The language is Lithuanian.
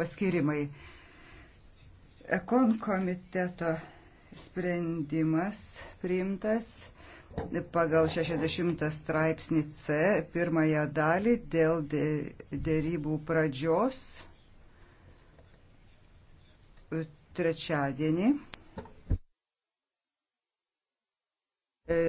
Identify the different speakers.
Speaker 1: paskirimai. Ekon komiteto sprendimas priimtas pagal 60 straipsnį C pirmąją dalį dėl dėrybų pradžios trečiadienį.